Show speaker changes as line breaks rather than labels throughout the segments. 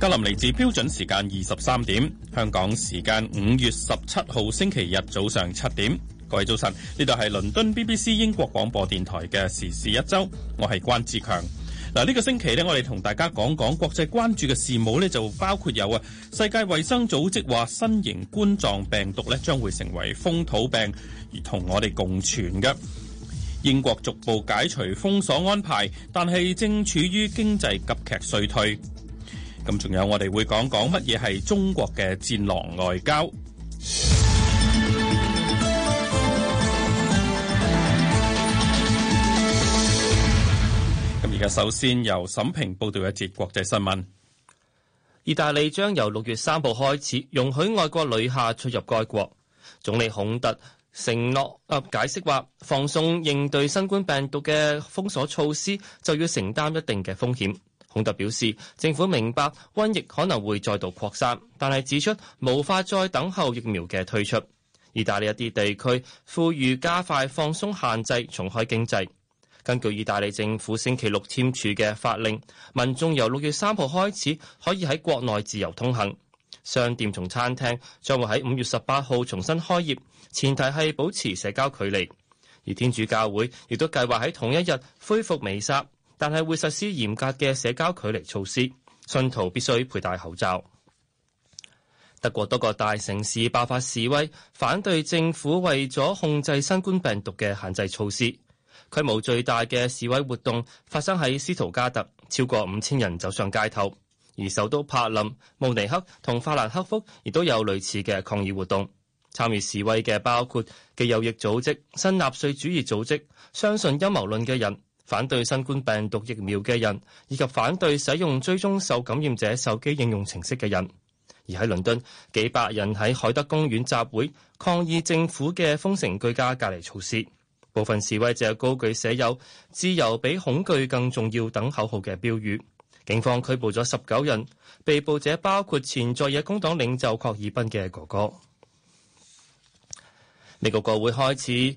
格林威治標準時間二十三點，香港時間五月十七號星期日早上七點。各位早晨，呢度係倫敦 BBC 英國廣播電台嘅時事一周，我係關志強。嗱，呢個星期咧，我哋同大家講講國際關注嘅事務咧，就包括有啊，世界衛生組織話新型冠狀病毒咧，將會成為風土病，而同我哋共存嘅。英國逐步解除封鎖安排，但係正處於經濟急劇衰退。咁仲有我哋會講講乜嘢係中國嘅戰狼外交。咁而家首先由沈平報道一節國際新聞。意大利將由六月三號
開始容許外國旅客出入該國。總理孔特承諾啊解釋話，放鬆應對新冠病毒嘅封鎖措施，就要承擔一定嘅風險。孔特表示，政府明白瘟疫可能會再度擴散，但係指出無法再等候疫苗嘅推出。意大利一啲地區呼籲加快放鬆限制、重開經濟。根據意大利政府星期六簽署嘅法令，民眾由六月三號開始可以喺國內自由通行，商店同餐廳將會喺五月十八號重新開業，前提係保持社交距離。而天主教會亦都計劃喺同一日恢復彌撒。但係會實施嚴格嘅社交距離措施，信徒必須佩戴口罩。德國多個大城市爆發示威，反對政府為咗控制新冠病毒嘅限制措施。規模最大嘅示威活動發生喺斯圖加特，超過五千人走上街頭。而首都柏林、慕尼黑同法蘭克福亦都有類似嘅抗議活動。參與示威嘅包括既右翼組織、新納粹主義組織、相信陰謀論嘅人、反對新冠病毒疫苗嘅人，以及反對使用追蹤受感染者手機應用程式嘅人。而喺倫敦，幾百人喺海德公園集會抗議政府嘅封城居家隔離措施。部分示威者高舉寫有「自由比恐懼更重要」等口號嘅標語，警方拘捕咗十九人，被捕者包括前在野工黨領袖霍爾賓嘅哥哥。美國國會開始。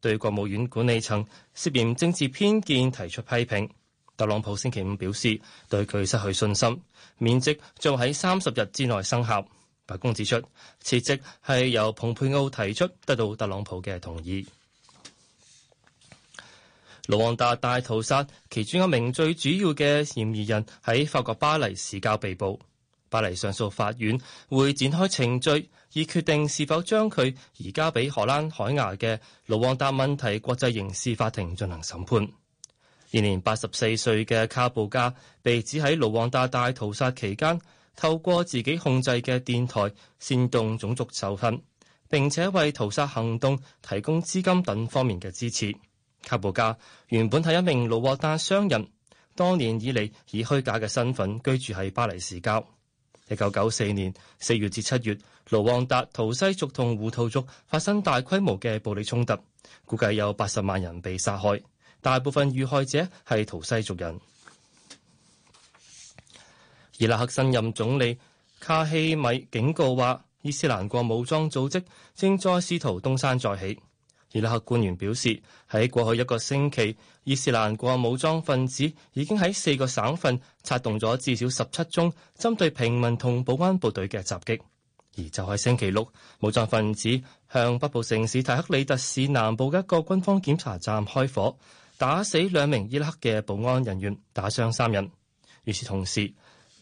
對國務院管理層涉嫌政治偏見提出批評，特朗普星期五表示對佢失去信心，免職將喺三十日之內生效。白宮指出，辭職係由蓬佩奧提出，得到特朗普嘅同意。盧旺達大屠殺其中一名最主要嘅嫌疑人喺法國巴黎市郊被捕，巴黎上訴法院會展開程序。以決定是否將佢移交俾荷蘭海牙嘅盧旺達問題國際刑事法庭進行審判。現年八十四歲嘅卡布加被指喺盧旺達大屠殺期間透過自己控制嘅電台煽動種族仇恨，並且為屠殺行動提供資金等方面嘅支持。卡布加原本係一名盧旺達商人，多年以嚟以虛假嘅身份居住喺巴黎市郊。一九九四年四月至七月，盧旺達圖西族同胡圖族發生大規模嘅暴力衝突，估計有八十萬人被殺害，大部分遇害者係圖西族人。伊拉克新任總理卡希米警告話，伊斯蘭國武裝組織正在試圖東山再起。伊拉克官員表示，喺過去一個星期，伊斯蘭國武裝分子已經喺四個省份策動咗至少十七宗針對平民同保安部隊嘅襲擊。而就喺星期六，武裝分子向北部城市泰克里特市南部嘅一個軍方檢查站開火，打死兩名伊拉克嘅保安人員，打傷三人。與此同時，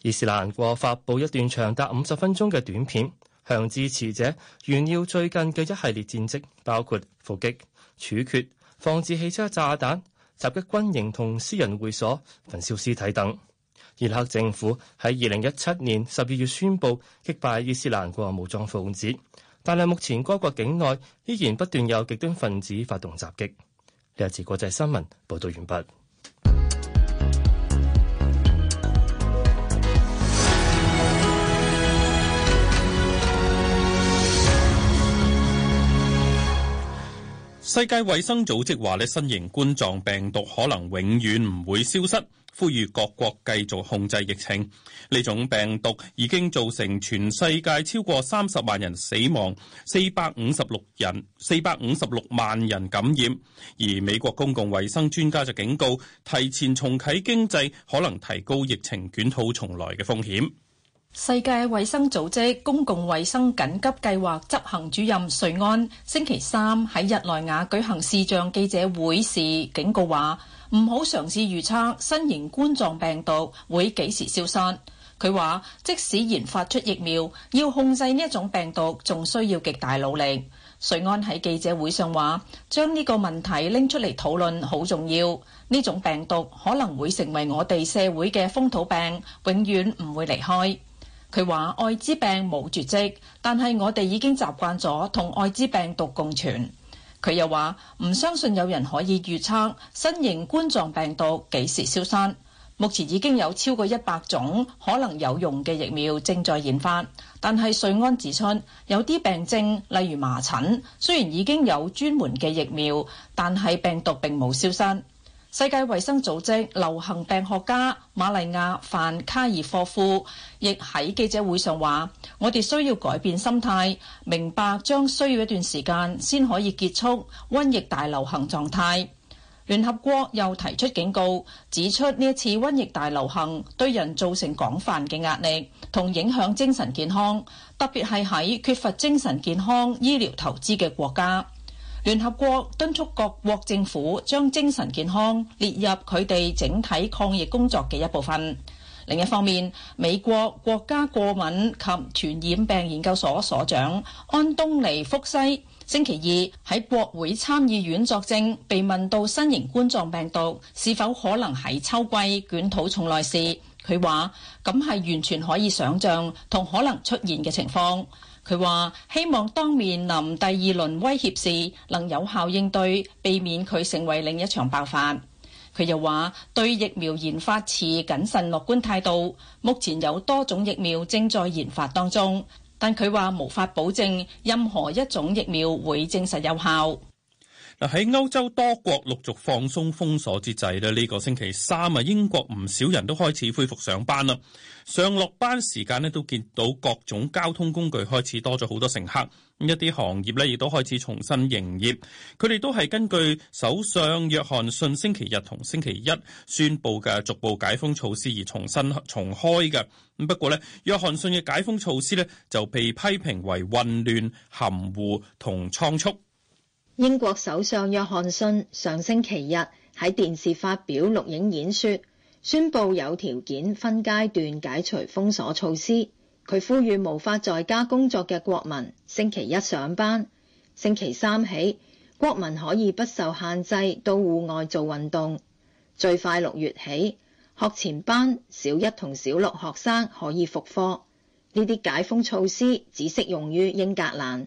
伊斯蘭國發布一段長達五十分鐘嘅短片。向支持者炫耀最近嘅一系列戰績，包括伏擊、處決、放置汽車炸彈、襲擊軍營同私人會所、焚燒屍體等。伊拉克政府喺二零一七年十二月宣布擊敗伊斯蘭國武裝分子，但係目前該國境內依然不斷有極端分子發動襲擊。呢一次國際新聞報道完畢。
世界衛生組織話咧，新型冠狀病毒，可能永遠唔會消失，呼籲各國繼續控制疫情。呢種病毒已經造成全世界超過三十萬人死亡，四百五十六人，四百五十六萬人感染。而美國公共衛生專家就警告，提前重啟經濟可能提高疫情捲土重來嘅風險。
世界衛生組織公共衛生緊急計劃執行主任瑞安星期三喺日內瓦舉行視像記者會時警告話，唔好嘗試預測新型冠狀病毒會幾時消失。佢話，即使研發出疫苗，要控制呢一種病毒，仲需要極大努力。瑞安喺記者會上話，將呢個問題拎出嚟討論好重要。呢種病毒可能會成為我哋社會嘅風土病，永遠唔會離開。佢話：愛滋病冇絕跡，但係我哋已經習慣咗同愛滋病毒共存。佢又話唔相信有人可以預測新型冠狀病毒幾時消散。目前已經有超過一百種可能有用嘅疫苗正在研發，但係瑞安指出有啲病症，例如麻疹，雖然已經有專門嘅疫苗，但係病毒並冇消散。世界衛生組織流行病學家瑪麗亞范卡爾霍夫亦喺記者會上話：「我哋需要改變心態，明白將需要一段時間先可以結束瘟疫大流行狀態。聯合國又提出警告，指出呢一次瘟疫大流行對人造成廣泛嘅壓力，同影響精神健康，特別係喺缺乏精神健康醫療投資嘅國家。聯合國敦促各國政府將精神健康列入佢哋整體抗疫工作嘅一部分。另一方面，美國國家過敏及傳染病研究所所長安東尼福西星期二喺國會參議院作證，被問到新型冠狀病毒是否可能喺秋季捲土重來時，佢話：咁係完全可以想像同可能出現嘅情況。佢話：希望當面臨第二輪威脅時，能有效應對，避免佢成為另一場爆發。佢又話：對疫苗研發持謹慎樂觀態度。目前有多種疫苗正在研發當中，但佢話無法保證任何一種疫苗會證實有效。
喺歐洲多國陸續放鬆封鎖之際呢，呢個星期三啊，英國唔少人都開始恢復上班啦。上落班時間咧都見到各種交通工具開始多咗好多乘客，一啲行業咧亦都開始重新營業。佢哋都係根據首相約翰遜星、星期日同星期一宣布嘅逐步解封措施而重新重開嘅。不過咧，約翰遜嘅解封措施咧就被批評為混亂、含糊同倉促。
英國首相約翰遜上星期日喺電視發表錄影演說，宣布有條件分階段解除封鎖措施。佢呼籲無法在家工作嘅國民星期一上班，星期三起國民可以不受限制到戶外做運動。最快六月起，學前班、小一同小六學生可以復課。呢啲解封措施只適用於英格蘭。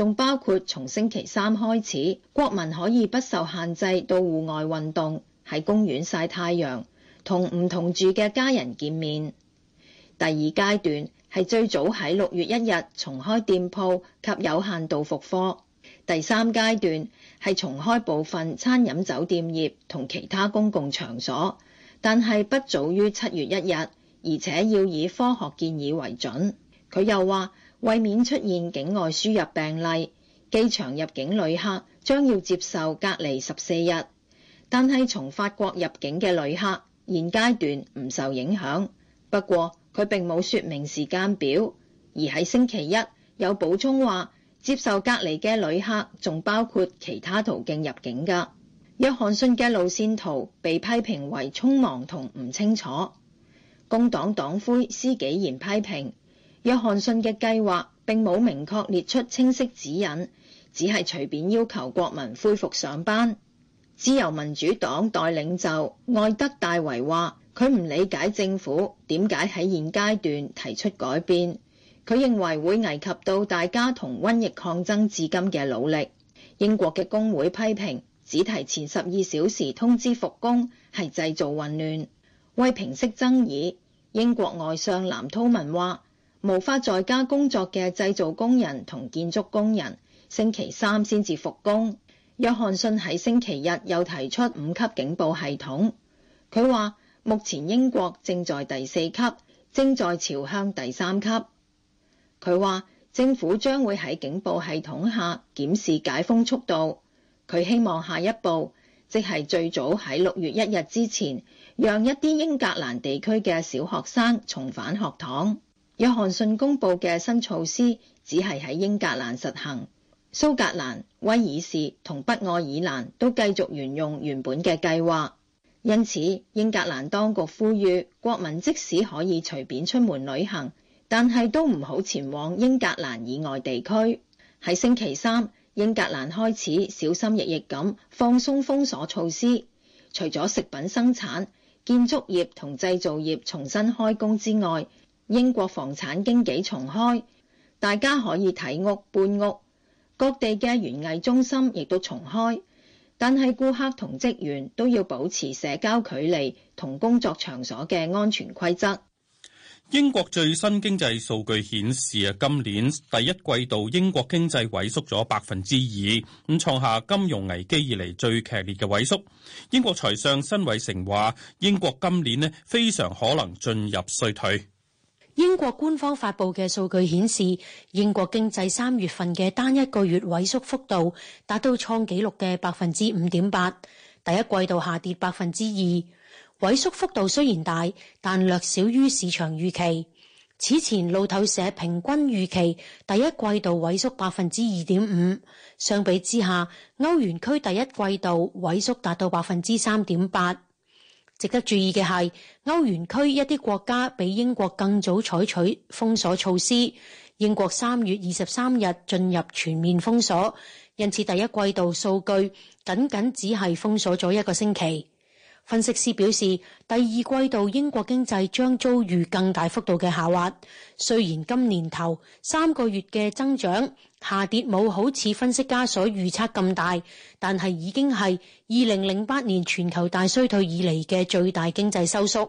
仲包括從星期三開始，國民可以不受限制到戶外運動，喺公園曬太陽，同唔同住嘅家人見面。第二階段係最早喺六月一日重開店鋪及有限度復課。第三階段係重開部分餐飲酒店業同其他公共場所，但係不早於七月一日，而且要以科學建議為準。佢又話。為免出現境外輸入病例，機場入境旅客將要接受隔離十四日。但係從法國入境嘅旅客現階段唔受影響。不過佢並冇説明時間表，而喺星期一有補充話，接受隔離嘅旅客仲包括其他途徑入境㗎。約翰遜嘅路線圖被批評為匆忙同唔清楚，工黨黨魁施紀賢批評。約翰遜嘅計劃並冇明確列出清晰指引，只係隨便要求國民恢復上班。自由民主黨代領袖愛德戴維話：佢唔理解政府點解喺現階段提出改變，佢認為會危及到大家同瘟疫抗爭至今嘅努力。英國嘅工會批評只提前十二小時通知復工係製造混亂。為平息爭議，英國外相藍韜文話。無法在家工作嘅製造工人同建築工人，星期三先至復工。約翰遜喺星期日又提出五級警報系統。佢話，目前英國正在第四級，正在朝向第三級。佢話政府將會喺警報系統下檢視解封速度。佢希望下一步，即係、就是、最早喺六月一日之前，讓一啲英格蘭地區嘅小學生重返學堂。約翰遜公布嘅新措施只係喺英格蘭實行，蘇格蘭、威爾士同北愛爾蘭都繼續沿用原本嘅計劃。因此，英格蘭當局呼籲國民即使可以隨便出門旅行，但係都唔好前往英格蘭以外地區。喺星期三，英格蘭開始小心翼翼咁放鬆封鎖措施，除咗食品生產、建築業同製造業重新開工之外。英國房產經紀重開，大家可以睇屋、搬屋。各地嘅園藝中心亦都重開，但係顧客同職員都要保持社交距離同工作場所嘅安全規則。
英國最新經濟數據顯示啊，今年第一季度英國經濟萎縮咗百分之二，咁創下金融危機以嚟最劇烈嘅萎縮。英國財相辛偉誠話，英國今年呢非常可能進入衰退。
英國官方發佈嘅數據顯示，英國經濟三月份嘅單一個月萎縮幅度達到創紀錄嘅百分之五點八，第一季度下跌百分之二。萎縮幅度雖然大，但略少於市場預期。此前路透社平均預期第一季度萎縮百分之二點五。相比之下，歐元區第一季度萎縮達到百分之三點八。值得注意嘅係，歐元區一啲國家比英國更早採取封鎖措施，英國三月二十三日進入全面封鎖，因此第一季度數據僅僅只係封鎖咗一個星期。分析師表示，第二季度英國經濟將遭遇更大幅度嘅下滑，雖然今年頭三個月嘅增長。下跌冇好似分析家所預測咁大，但係已經，係二零零八年全球大衰退以嚟嘅最大經濟收縮。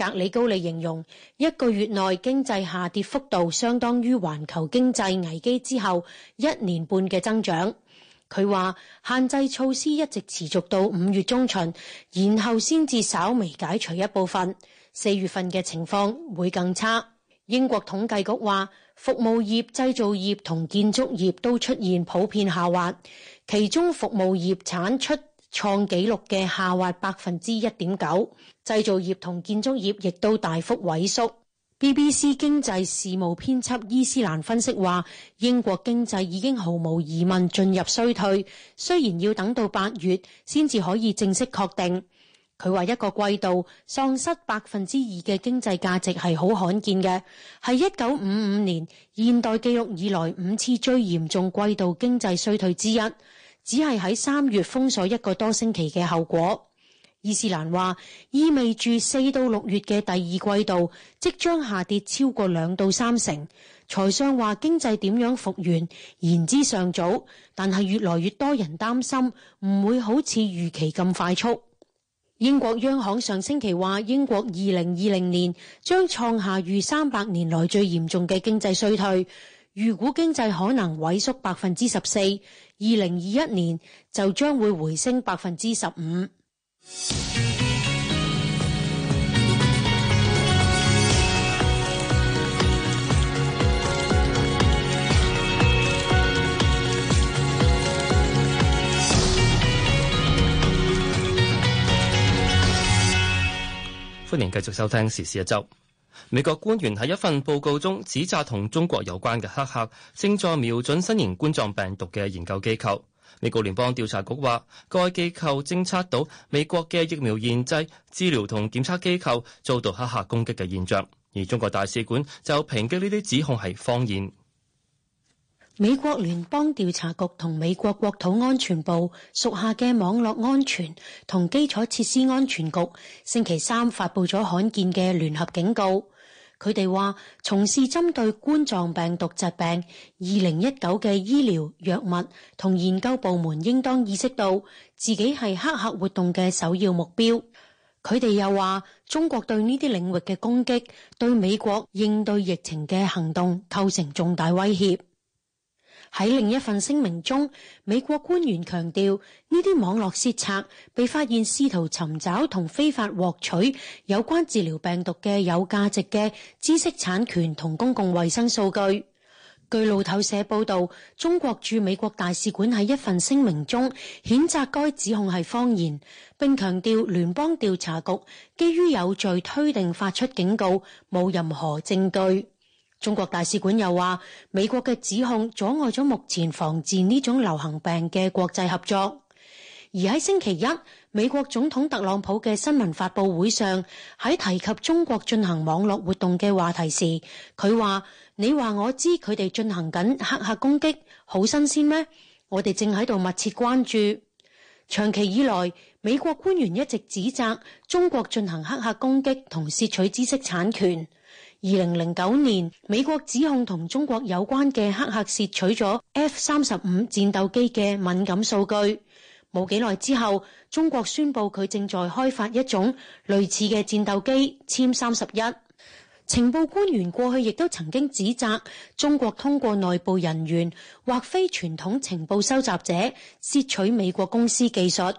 格里高利形容一個月內經濟下跌幅度相當於環球經濟危機之後一年半嘅增長。佢話限制措施一直持續到五月中旬，然後先至稍微解除一部分。四月份嘅情況會更差。英國統計局話，服務業、製造業同建築業都出現普遍下滑，其中服務業產出創紀錄嘅下滑百分之一點九，製造業同建築業亦都大幅萎縮。BBC 經濟事務編輯伊斯蘭分析話，英國經濟已經毫無疑問進入衰退，雖然要等到八月先至可以正式確定。佢話一個季度喪失百分之二嘅經濟價值係好罕見嘅，係一九五五年現代紀錄以來五次最嚴重季度經濟衰退之一。只係喺三月封鎖一個多星期嘅後果，伊斯蘭話意味住四到六月嘅第二季度即將下跌超過兩到三成。財相話經濟點樣復原，言之尚早，但係越來越多人擔心唔會好似預期咁快速。英國央行上星期話英國二零二零年將創下逾三百年來最嚴重嘅經濟衰退，預估經濟可能萎縮百分之十四。二零二一年就將會回升百分之十五。
歡迎繼續收聽時事一周。美國官員喺一份報告中指責同中國有關嘅黑客正在瞄準新型冠狀病毒嘅研究機構。美國聯邦調查局話，該機構偵測到美國嘅疫苗研製、治療同檢測機構遭到黑客攻擊嘅現象。而中國大使館就抨擊呢啲指控係謊言。
美國聯邦調查局同美國國土安全部屬下嘅網絡安全同基礎設施安全局星期三發佈咗罕見嘅聯合警告。佢哋話，從事針對冠狀病毒疾病二零一九嘅醫療藥物同研究部門，應當意識到自己係黑客活動嘅首要目標。佢哋又話，中國對呢啲領域嘅攻擊，對美國應對疫情嘅行動構成重大威脅。喺另一份聲明中，美國官員強調，呢啲網絡竊賊被發現試圖尋找同非法獲取有關治療病毒嘅有價值嘅知識產權同公共衛生數據。據路透社報道，中國駐美國大使館喺一份聲明中譴責該指控係謊言，並強調聯邦調查局基於有罪推定發出警告，冇任何證據。中國大使館又話，美國嘅指控阻礙咗目前防治呢種流行病嘅國際合作。而喺星期一，美國總統特朗普嘅新聞發布會上，喺提及中國進行網絡活動嘅話題時，佢話：你話我知佢哋進行緊黑客攻擊，好新鮮咩？我哋正喺度密切關注。長期以來，美國官員一直指責中國進行黑客攻擊同竊取知識產權。二零零九年，美國指控，同中國有關嘅黑客竊取咗 F 三十五戰鬥機嘅敏感數據。冇幾耐之後，中國宣布佢正在開發一種類似嘅戰鬥機殲三十一。情報官員過去亦都曾經指責中國通過內部人員或非傳統情報收集者竊取美國公司技術。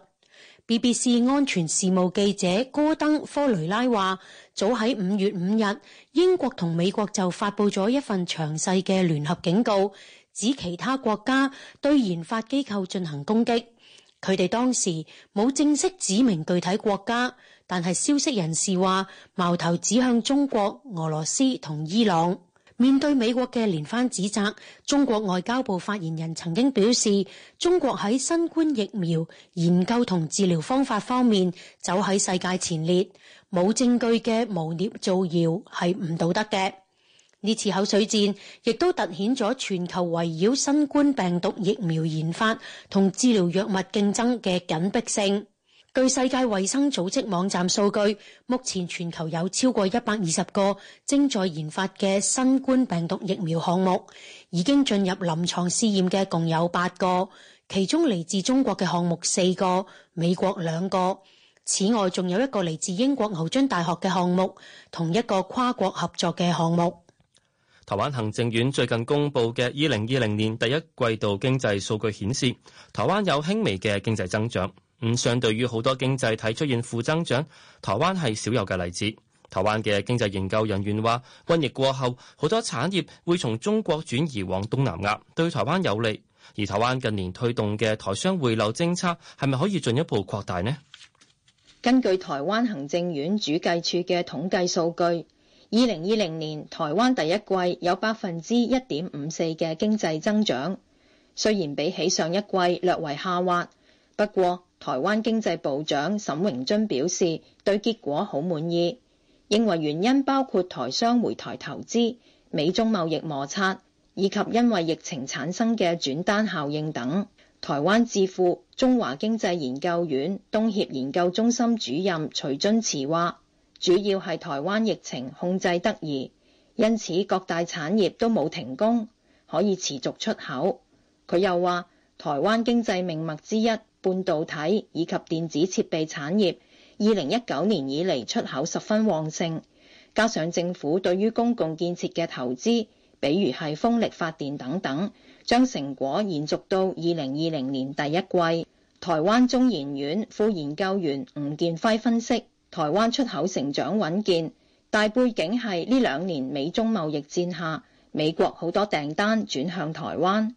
BBC 安全事務記者戈登科雷拉話，早喺五月五日，英國同美國就發佈咗一份詳細嘅聯合警告，指其他國家對研發機構進行攻擊。佢哋當時冇正式指明具體國家，但係消息人士話，矛頭指向中國、俄羅斯同伊朗。面對美國嘅連番指責，中國外交部發言人曾經表示，中國喺新冠疫苗研究同治療方法方面走喺世界前列，冇證據嘅誣衊造謠係唔道德嘅。呢次口水戰亦都凸顯咗全球圍繞新冠病毒疫苗研發同治療藥物競爭嘅緊迫性。據世界衛生組織網站數據，目前全球有超過一百二十個正在研發嘅新冠病毒疫苗項目，已經進入臨床試驗嘅共有八個，其中嚟自中國嘅項目四個，美國兩個。此外仲有一個嚟自英國牛津大學嘅項目，同一個跨國合作嘅項目。
台灣行政院最近公布嘅二零二零年第一季度經濟數據顯示，台灣有輕微嘅經濟增長。咁相對於好多經濟體出現負增長，台灣係少有嘅例子。台灣嘅經濟研究人員話瘟疫過後好多產業會從中國轉移往東南亞對台灣有利。而台灣近年推動嘅台商回流政策係咪可以進一步擴大呢？
根據台灣行政院主計處嘅統計數據，二零二零年台灣第一季有百分之一點五四嘅經濟增長，雖然比起上一季略為下滑，不過。台灣經濟部長沈榮津表示，對結果好滿意，認為原因包括台商回台投資、美中貿易摩擦以及因為疫情產生嘅轉單效應等。台灣智庫中華經濟研究院東協研究中心主任徐津慈話，主要係台灣疫情控制得宜，因此各大產業都冇停工，可以持續出口。佢又話，台灣經濟命脈之一。半導體以及電子設備產業，二零一九年以嚟出口十分旺盛，加上政府對於公共建設嘅投資，比如係風力發電等等，將成果延續到二零二零年第一季。台灣中研院副研究員吳建輝分析，台灣出口成長穩健，大背景係呢兩年美中貿易戰下，美國好多訂單轉向台灣。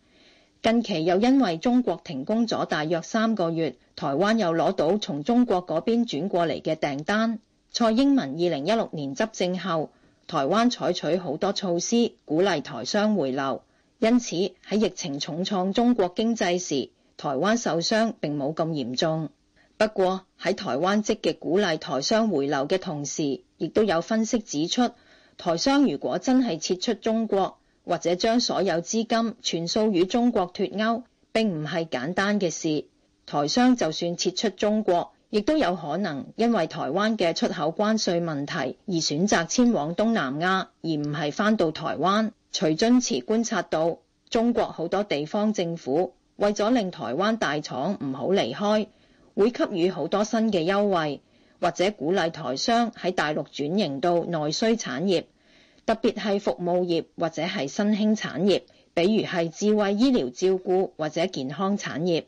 近期又因為中國停工咗大約三個月，台灣又攞到從中國嗰邊轉過嚟嘅訂單。蔡英文二零一六年執政後，台灣採取好多措施鼓勵台商回流，因此喺疫情重創中國經濟時，台灣受傷並冇咁嚴重。不過喺台灣積極鼓勵台商回流嘅同時，亦都有分析指出，台商如果真係撤出中國。或者將所有資金全數與中國脫鈎並唔係簡單嘅事。台商就算撤出中國，亦都有可能因為台灣嘅出口關稅問題而選擇遷往東南亞，而唔係返到台灣。徐津池觀察到，中國好多地方政府為咗令台灣大廠唔好離開，會給予好多新嘅優惠，或者鼓勵台商喺大陸轉型到內需產業。特別係服務業或者係新興產業，比如係智慧醫療照顧或者健康產業。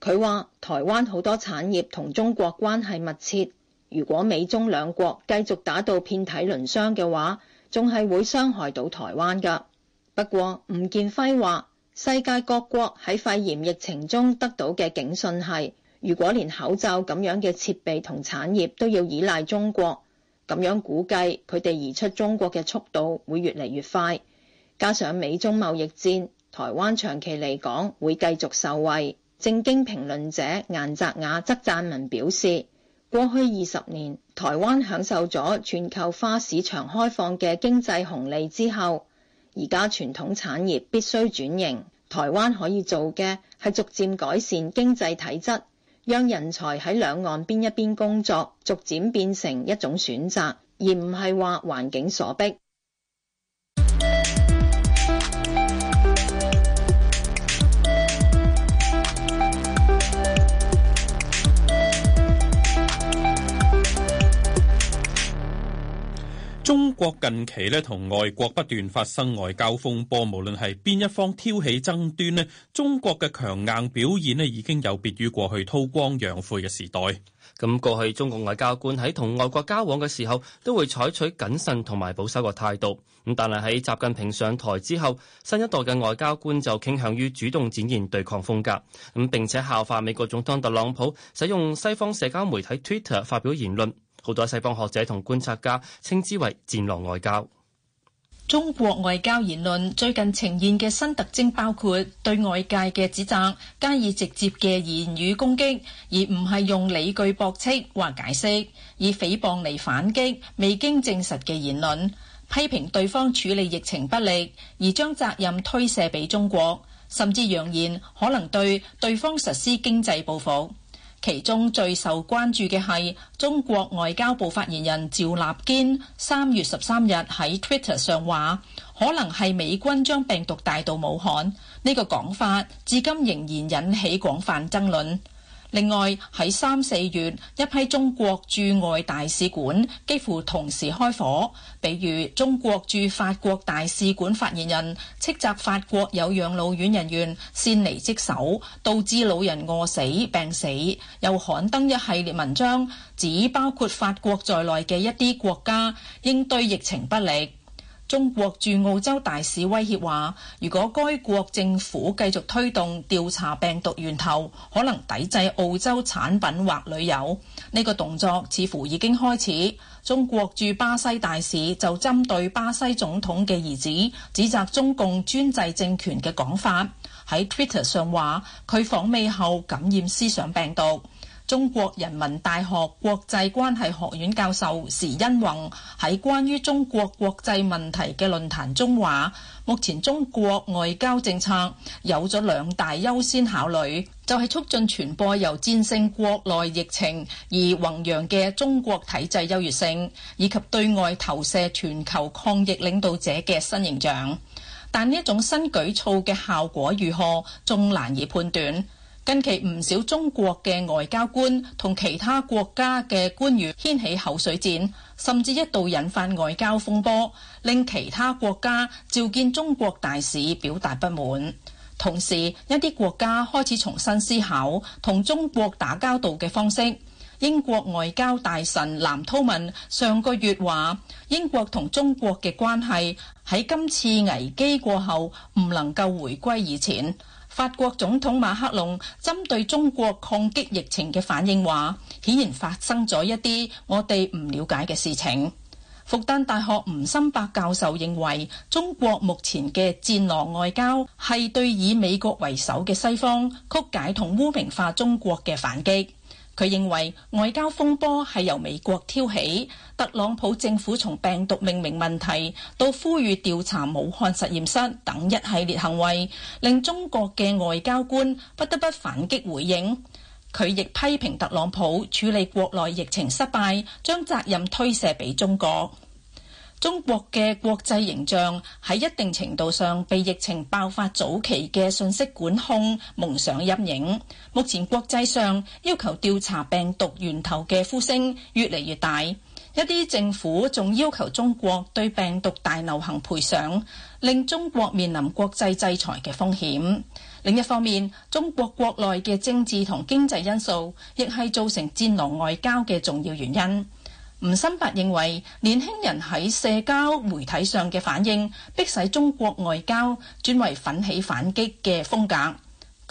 佢話：台灣好多產業同中國關係密切，如果美中兩國繼續打到遍體鱗傷嘅話，仲係會傷害到台灣㗎。不過吳建輝話：世界各國喺肺炎疫情中得到嘅警訊係，如果連口罩咁樣嘅設備同產業都要依賴中國。咁樣估計，佢哋移出中國嘅速度會越嚟越快，加上美中貿易戰，台灣長期嚟講會繼續受惠。正經評論者顏澤雅則撰文表示，過去二十年台灣享受咗全球化市場開放嘅經濟紅利之後，而家傳統產業必須轉型，台灣可以做嘅係逐漸改善經濟體質。讓人才喺兩岸邊一邊工作，逐漸變成一種選擇，而唔係話環境所逼。
近期呢，同外國不斷發生外交風波，無論係邊一方挑起爭端呢，中國嘅強硬表現呢，已經有別於過去韜光養晦嘅時代。咁過去中國外
交官喺同外國交往嘅時候，都會採取謹慎同埋保守嘅態度。咁但係喺習近平上台之後，新一代嘅外交官就傾向於主動展現對抗風格。咁並且效法美國總統特朗普使用西方社交媒體 Twitter 發表言論。好多西方學者同觀察家稱之為戰狼外交。
中國外交言論最近呈現嘅新特徵包括對外界嘅指責，加以直接嘅言語攻擊，而唔係用理據駁斥或解釋，以誹謗嚟反擊未經證實嘅言論，批評對方處理疫情不力，而將責任推卸俾中國，甚至揚言可能對對方實施經濟報復。其中最受關注嘅係中國外交部發言人趙立堅三月十三日喺 Twitter 上話，可能係美軍將病毒帶到武漢呢個講法，至今仍然引起廣泛爭論。另外喺三四月，一批中國駐外大使館幾乎同時開火，比如中國駐法國大使館發言人斥責法國有養老院人員擅離職守，導致老人餓死病死，又刊登一系列文章，指包括法國在內嘅一啲國家應對疫情不力。中國駐澳洲大使威脅話，如果該國政府繼續推動調查病毒源頭，可能抵制澳洲產品或旅遊。呢個動作似乎已經開始。中國駐巴西大使就針對巴西總統嘅兒子，指責中共專制政權嘅講法喺 Twitter 上話，佢訪美後感染思想病毒。中國人民大學國際關係學院教授時殷弘喺關於中國國際問題嘅論壇中話：目前中國外交政策有咗兩大優先考慮，就係、是、促進傳播，由戰勝國內疫情，而弘揚嘅中國體制優越性，以及對外投射全球抗疫領導者嘅新形象。但呢一種新舉措嘅效果如何，仲難以判斷。近期唔少中國嘅外交官同其他國家嘅官員掀起口水戰，甚至一度引發外交風波，令其他國家召見中國大使表達不滿。同時，一啲國家開始重新思考同中國打交道嘅方式。英國外交大臣藍韜文上個月話，英國同中國嘅關係喺今次危機過後唔能夠回歸以前。法國總統馬克龍針對中國抗擊疫情嘅反應話，顯然發生咗一啲我哋唔了解嘅事情。復旦大學吳心伯教授認為，中國目前嘅戰狼外交係對以美國為首嘅西方曲解同污名化中國嘅反擊。佢認為外交風波係由美國挑起，特朗普政府從病毒命名問題到呼籲調查武漢實驗室等一系列行為，令中國嘅外交官不得不反擊回應。佢亦批評特朗普處理國內疫情失敗，將責任推卸俾中國。中國嘅國際形象喺一定程度上被疫情爆發早期嘅信息管控蒙上陰影。目前國際上要求調查病毒源頭嘅呼聲越嚟越大，一啲政府仲要求中國對病毒大流行賠償，令中國面臨國際制裁嘅風險。另一方面，中國國內嘅政治同經濟因素亦係造成戰狼外交嘅重要原因。吳心伯認為，年輕人喺社交媒體上嘅反應，迫使中國外交轉為奮起反擊嘅風格。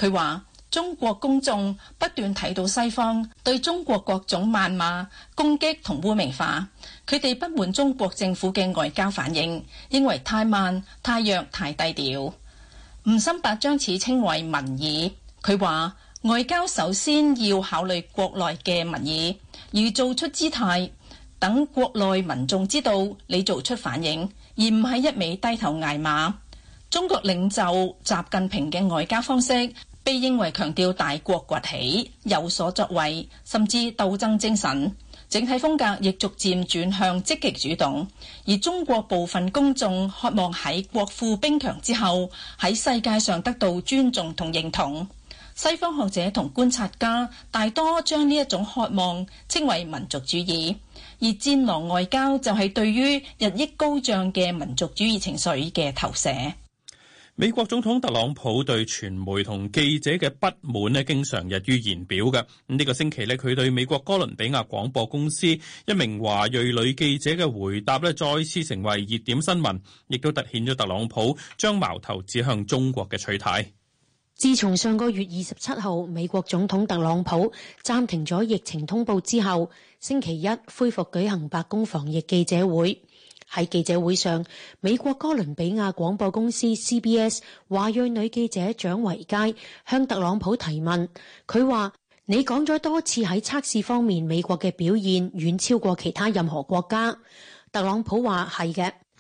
佢話，中國公眾不斷睇到西方對中國各種謾罵、攻擊同污名化，佢哋不滿中國政府嘅外交反應，認為太慢、太弱、太低調。吳心伯將此稱為民意。佢話，外交首先要考慮國內嘅民意，而做出姿態。等國內民眾知道你做出反應，而唔係一味低頭挨罵。中國領袖習近平嘅外交方式，被認為強調大國崛起、有所作為，甚至鬥爭精神。整體風格亦逐漸轉向積極主動。而中國部分公眾渴望喺國富兵強之後，喺世界上得到尊重同認同。西方學者同觀察家大多將呢一種渴望稱為民族主義。而戰狼外交就係對於日益高漲嘅民族主義情緒嘅投射。
美國總統特朗普對傳媒同記者嘅不滿咧，經常溢於言表嘅。咁、嗯、呢、呢個星期咧，佢對美國哥倫比亞廣播公司一名華裔女記者嘅回答咧，再次成為熱點新聞，亦都凸顯咗特朗普將矛頭指向中國嘅取態。
自從上個月二十七號美國總統特朗普暫停咗疫情通報之後，星期一恢復舉行白宮防疫記者會。喺記者會上，美國哥倫比亞廣播公司 CBS 華裔女記者蔣維佳向特朗普提問。佢話：你講咗多次喺測試方面，美國嘅表現遠超過其他任何國家。特朗普話：係嘅。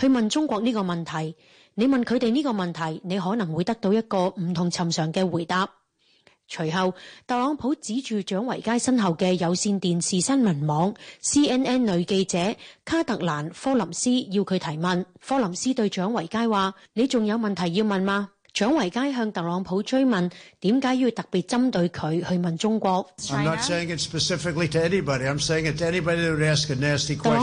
去問中國呢個問題，你問佢哋呢個問題，你可能會得到一個唔同尋常嘅回答。隨後，特朗普指住蔣維佳身後嘅有線電視新聞網 CNN 女記者卡特蘭·科林斯，要佢提問。科林斯對蔣維佳話：你仲有問題要問嗎？蔣維佳向特朗普追問點解要特別針對佢去問中國？
特朗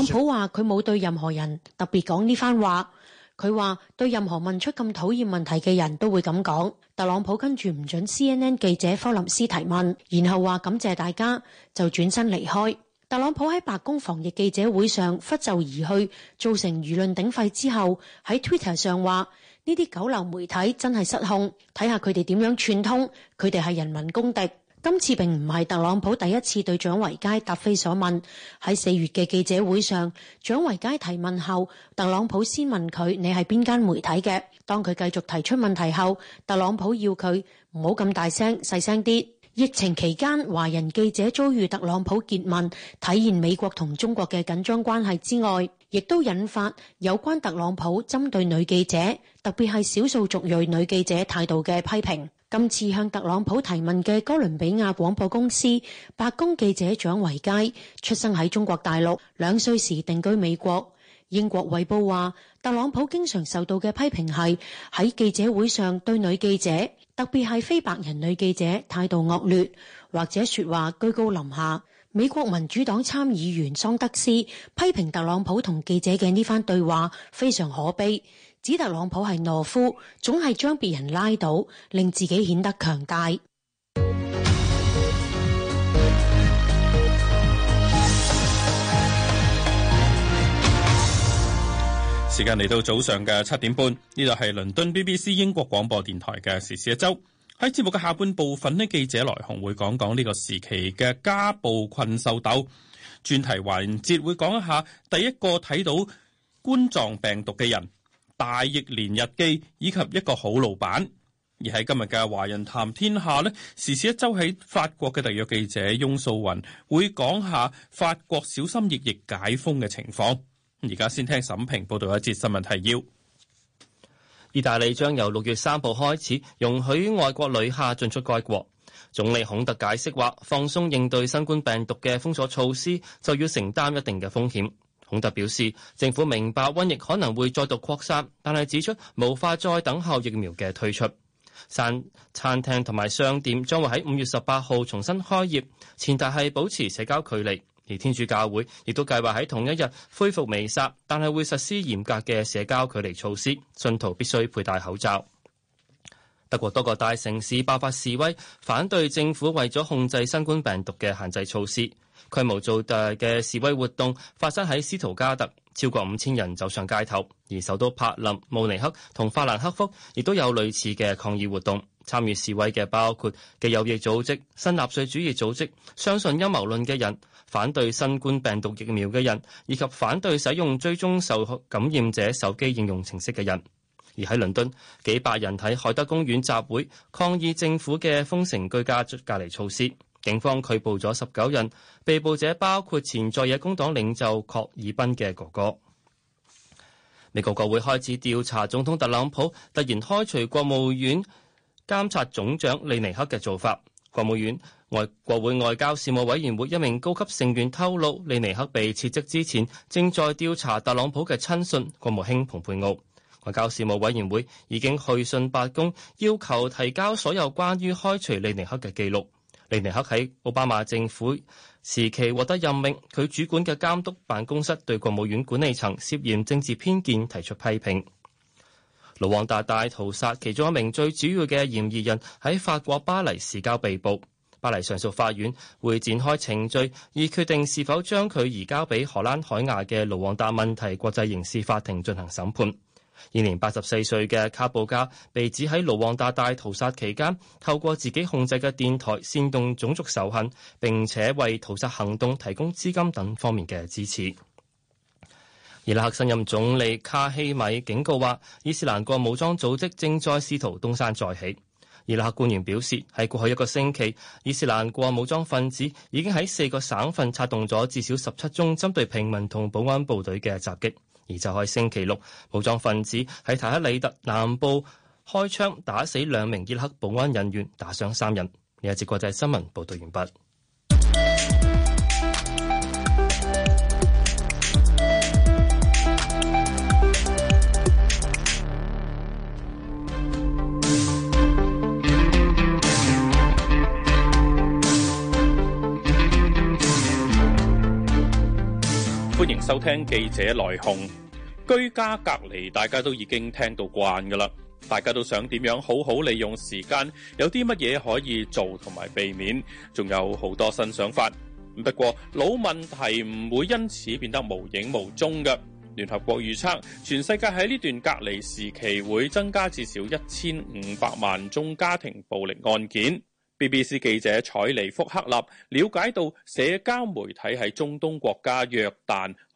普
話佢冇對任何人特別講呢番話，佢話對任何問出咁討厭問題嘅人都會咁講。特朗普跟住唔准 CNN 記者科林斯提問，然後話感謝大家，就轉身離開。特朗普喺白宮防疫記者會上拂袖而去，造成輿論鼎沸之後，喺 Twitter 上話。呢啲九流媒體真係失控，睇下佢哋點樣串通，佢哋係人民公敵。今次並唔係特朗普第一次對蔣維佳答非所問。喺四月嘅記者會上，蔣維佳提問後，特朗普先問佢：你係邊間媒體嘅？當佢繼續提出問題後，特朗普要佢唔好咁大聲，細聲啲。疫情期間，華人記者遭遇特朗普詰問，體現美國同中國嘅緊張關係之外，亦都引發有關特朗普針對女記者，特別係少數族裔女記者態度嘅批評。今次向特朗普提問嘅哥倫比亞廣播公司白宮記者蔣維佳，出生喺中國大陸，兩歲時定居美國。英國《衛報》話，特朗普經常受到嘅批評係喺記者會上對女記者特別係非白人女記者態度惡劣，或者說話居高臨下。美國民主黨參議員桑德斯批評特朗普同記者嘅呢番對話非常可悲，指特朗普係懦夫，總係將別人拉倒，令自己顯得強大。
時間嚟到早上嘅七點半，呢度係倫敦 BBC 英國廣播電台嘅時事一周。喺節目嘅下半部分呢，記者來鴻會講講呢個時期嘅家暴困獸鬥專題環節，節會講一下第一個睇到冠狀病毒嘅人、大疫年日記，以及一個好老闆。而喺今日嘅華人談天下呢，時事一周喺法國嘅特約記者翁素云會講下法國小心翼翼解封嘅情況。而家先聽沈平報道一節新聞提要。意大利將由六月三號開始，容許外國旅客進出該國。
總理孔特解釋話，放鬆應對新冠病毒嘅封鎖措施，就要承擔一定嘅風險。孔特表示，政府明白瘟疫可能會再度擴散，但係指出無法再等候疫苗嘅推出。餐餐廳同埋商店將會喺五月十八號重新開業，前提係保持社交距離。而天主教會亦都計劃喺同一日恢復彌撒，但係會實施嚴格嘅社交距離措施，信徒必須佩戴口罩。德國多個大城市爆發示威，反對政府為咗控制新冠病毒嘅限制措施。規模最大嘅示威活動發生喺斯圖加特，超過五千人走上街頭。而首都柏林、慕尼克同法蘭克福亦都有類似嘅抗議活動。參與示威嘅包括嘅右翼組織、新納粹主義組織、相信陰謀論嘅人。反對新冠病毒疫苗嘅人，以及反對使用追蹤受感染者手機應用程式嘅人。而喺倫敦，幾百人喺海德公園集會抗議政府嘅封城居家隔離措施。警方拘捕咗十九人，被捕者包括前在野工黨領袖霍爾賓嘅哥哥。美國國會開始調查總統特朗普突然開除國務院監察總長李尼克嘅做法。國務院。外國會外交事務委員會一名高級成員透露，李尼克被撤職之前，正在調查特朗普嘅親信國務卿蓬佩奧。外交事務委員會已經去信白宮，要求提交所有關於開除李尼克嘅記錄。李尼克喺奧巴馬政府時期獲得任命，佢主管嘅監督辦公室對國務院管理層涉嫌政治偏見提出批評。盧旺達大屠殺其中一名最主要嘅嫌疑人喺法國巴黎市郊被捕。巴黎上訴法院會展開程序，以決定是否將佢移交俾荷蘭海牙嘅盧旺達問題國際刑事法庭進行審判。現年八十四歲嘅卡布加被指喺盧旺達大、大屠殺期間，透過自己控制嘅電台煽動種族仇恨，並且為屠殺行動提供資金等方面嘅支持。伊拉克新任總理卡希米警告話，伊斯蘭國武裝組織正在試圖東山再起。伊拉克官員表示，喺過去一個星期，伊斯蘭國武裝分子已經喺四個省份策動咗至少十七宗針對平民同保安部隊嘅襲擊，而就喺星期六，武裝分子喺提克里特南部開槍打死兩名伊拉克保安人員，打傷三人。呢一節國際新聞報道完畢。
聽記者來控居家隔離，大家都已經聽到慣噶啦。大家都想點樣好好利用時間，有啲乜嘢可以做同埋避免，仲有好多新想法。不過老問題唔會因此變得無影無蹤嘅。聯合國預測，全世界喺呢段隔離時期會增加至少一千五百萬宗家庭暴力案件。BBC 記者彩尼福克納了解到，社交媒體係中東國家約旦。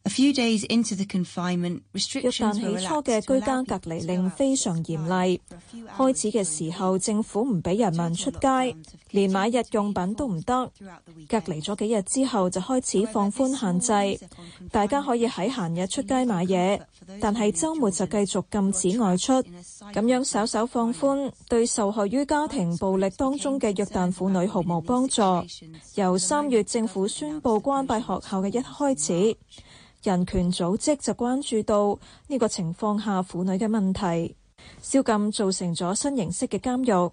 約旦起初嘅居家隔離令非常嚴厲。開始嘅時候，政府唔畀人民出街，連買日用品都唔得。隔離咗幾日之後，就開始放寬限制，大家可以喺閒日出街買嘢，但係週末就繼續禁止外出。咁樣稍稍放寬，對受害於家庭暴力當中嘅約旦婦女毫無幫助。由三月政府宣佈關閉學校嘅一開始。人權組織就關注到呢個情況下婦女嘅問題，宵禁造成咗新形式嘅監獄。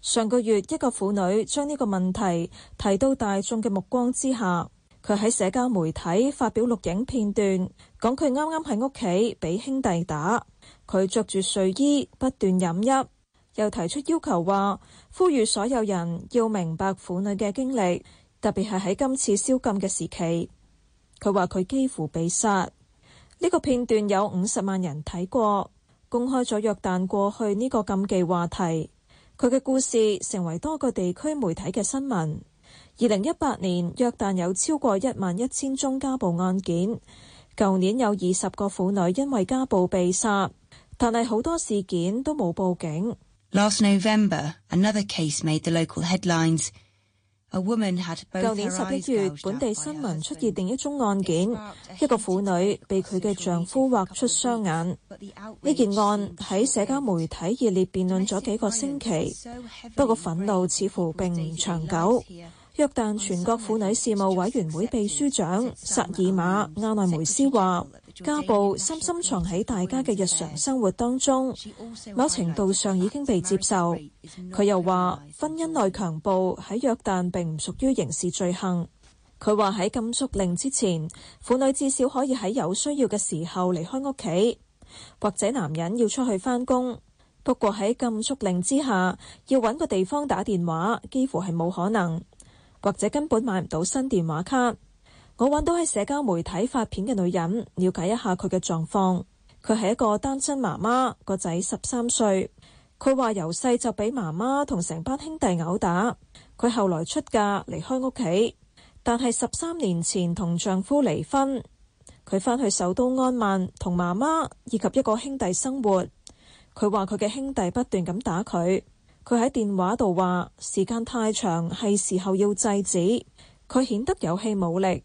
上個月，一個婦女將呢個問題提到大眾嘅目光之下，佢喺社交媒體發表錄影片段，講佢啱啱喺屋企俾兄弟打，佢着住睡衣不斷飲泣，又提出要求話，呼籲所有人要明白婦女嘅經歷，特別係喺今次宵禁嘅時期。佢話佢幾乎被殺，呢個片段有五十萬人睇過，公開咗約旦過去呢個禁忌話題。佢嘅故事成為多個地區媒體嘅新聞。二零一八年，約旦有超過一萬一千宗家暴案件，舊年有二十個婦女因為家暴被殺，但係好多事件都冇報警。Last November，another case made the local headlines. 舊年十一月，本地新聞出現另一宗案件，一個婦女被佢嘅丈夫劃出雙眼。呢件案喺社交媒體熱烈辯論咗幾個星期，不過憤怒似乎並唔長久。約旦全國婦女事務委員會秘書長薩爾瑪阿內梅斯話。家暴深深藏喺大家嘅日常生活當中，某程度上已經被接受。佢又話，婚姻內強暴喺約旦並唔屬於刑事罪行。佢話喺禁足令之前，婦女至少可以喺有需要嘅時候離開屋企，或者男人要出去返工。不過喺禁足令之下，要揾個地方打電話幾乎係冇可能，或者根本買唔到新電話卡。我揾到喺社交媒體發片嘅女人，了解一下佢嘅狀況。佢係一個單親媽媽，個仔十三歲。佢話由細就俾媽媽同成班兄弟毆打。佢後來出嫁離開屋企，但係十三年前同丈夫離婚。佢返去首都安曼同媽媽以及一個兄弟生活。佢話佢嘅兄弟不斷咁打佢。佢喺電話度話時間太長，係時候要制止。佢顯得有氣冇力。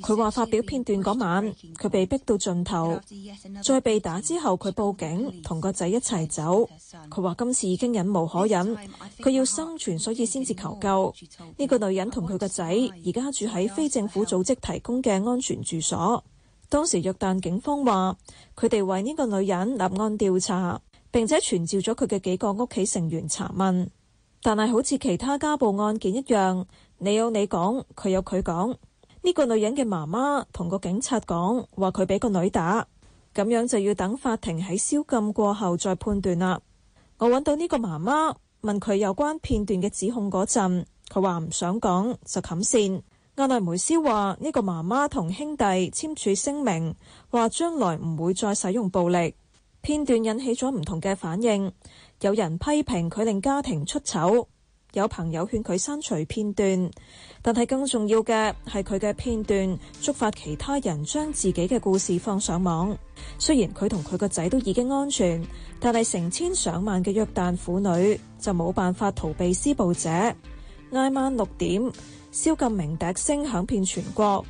佢話發表片段嗰晚，佢被逼到盡頭，再被打之後，佢報警，同個仔一齊走。佢話今次已經忍無可忍，佢要生存，所以先至求救。呢個女人同佢個仔而家住喺非政府組織提供嘅安全住所。當時約旦警方話，佢哋為呢個女人立案調查，並且傳召咗佢嘅幾個屋企成員查問，但係好似其他家暴案件一樣，你有你講，佢有佢講。呢個女人嘅媽媽同個警察講話，佢俾個女打，咁樣就要等法庭喺宵禁過後再判斷啦。我揾到呢個媽媽，問佢有關片段嘅指控嗰陣，佢話唔想講，就冚線。阿內梅斯話，呢個媽媽同兄弟簽署聲明，話將來唔會再使用暴力。片段引起咗唔同嘅反應，有人批評佢令家庭出醜。有朋友勸佢刪除片段，但係更重要嘅係佢嘅片段觸發其他人將自己嘅故事放上網。雖然佢同佢個仔都已經安全，但係成千上萬嘅約旦婦女就冇辦法逃避施暴者。挨晚六點，宵禁鳴笛聲響遍全國，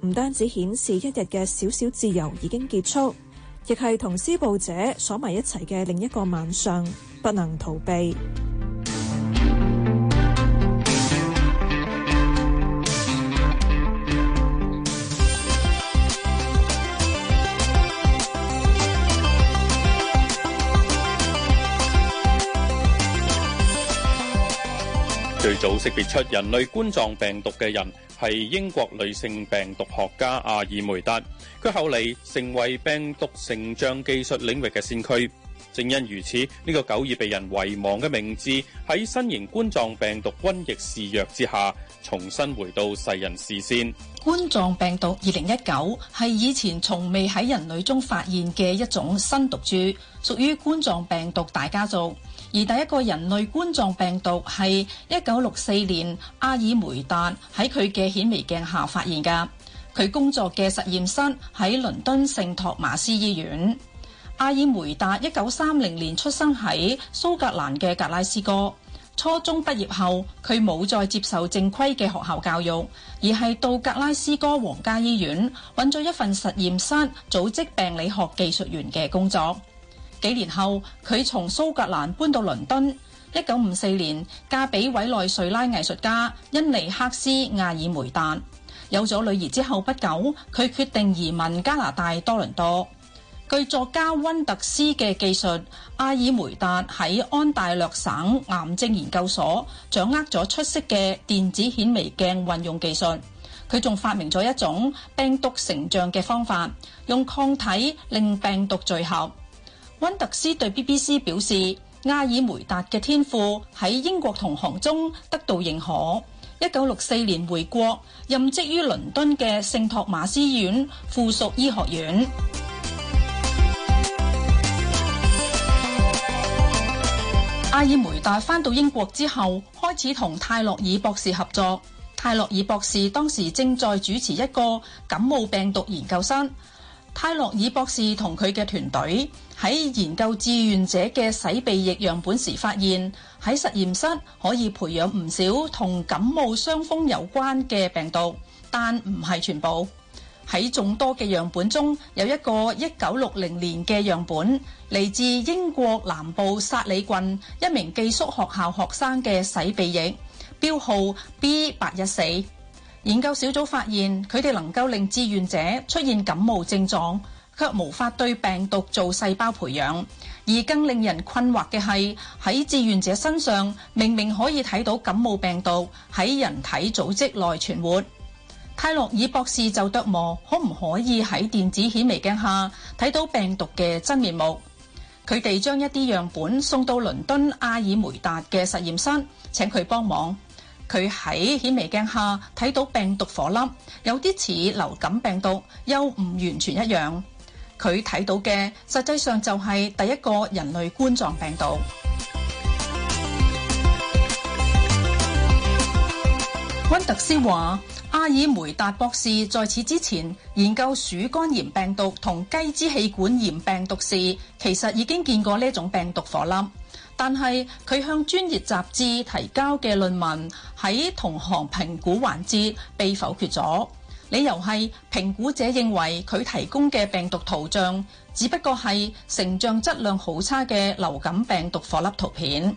唔單止顯示一日嘅少少自由已經結束，亦係同施暴者鎖埋一齊嘅另一個晚上不能逃避。
最早識別出人類冠狀病毒嘅人係英國女性病毒學家阿爾梅達，佢後嚟成為病毒成像技術領域嘅先驅。正因如此，呢、這個久已被人遺忘嘅名字喺新型冠狀病毒瘟疫肆虐之下，重新回到世人視線。
冠狀病毒二零一九係以前從未喺人類中發現嘅一種新毒株，屬於冠狀病毒大家族。而第一個人類冠狀病毒係一九六四年，阿爾梅達喺佢嘅顯微鏡下發現㗎。佢工作嘅實驗室喺倫敦聖托馬斯醫院。阿爾梅達一九三零年出生喺蘇格蘭嘅格拉斯哥。初中畢業後，佢冇再接受正規嘅學校教育，而係到格拉斯哥皇家醫院揾咗一份實驗室組織病理學技術員嘅工作。幾年後，佢從蘇格蘭搬到倫敦。一九五四年，嫁俾委內瑞拉藝術家恩尼克斯·阿爾梅達。有咗女兒之後不久，佢決定移民加拿大多倫多。據作家溫特斯嘅記述，阿爾梅達喺安大略省癌症研究所掌握咗出色嘅電子顯微鏡運用技術。佢仲發明咗一種病毒成像嘅方法，用抗體令病毒聚合。溫特斯對 BBC 表示，阿爾梅達嘅天賦喺英國同行中得到認可。一九六四年回國，任職於倫敦嘅聖托馬斯醫院附屬醫學院。 阿爾梅達翻到英國之後，開始同泰洛爾博士合作。泰洛爾博士當時正在主持一個感冒病毒研究室。泰洛爾博士同佢嘅團隊喺研究志願者嘅洗鼻液樣本時，發現喺實驗室可以培養唔少同感冒傷風有關嘅病毒，但唔係全部。喺眾多嘅樣本中，有一個一九六零年嘅樣本，嚟自英國南部薩里郡一名寄宿學校學生嘅洗鼻液，標號 B 八一四。研究小組發現，佢哋能夠令志願者出現感冒症狀，卻無法對病毒做細胞培養。而更令人困惑嘅係，喺志願者身上明明可以睇到感冒病毒喺人體組織內存活。泰洛爾博士就琢磨，可唔可以喺電子顯微鏡下睇到病毒嘅真面目。佢哋將一啲樣本送到倫敦阿爾梅達嘅實驗室，請佢幫忙。佢喺顯微鏡下睇到病毒火粒，有啲似流感病毒，又唔完全一樣。佢睇到嘅實際上就係第一個人類冠狀病毒。溫 特斯話，阿爾梅達博士在此之前研究鼠肝炎病毒同雞支氣管炎病毒時，其實已經見過呢種病毒火粒。但係佢向專業雜誌提交嘅論文喺同行評估環節被否決咗，理由係評估者認為佢提供嘅病毒圖像只不過係成像質量好差嘅流感病毒顆粒圖片。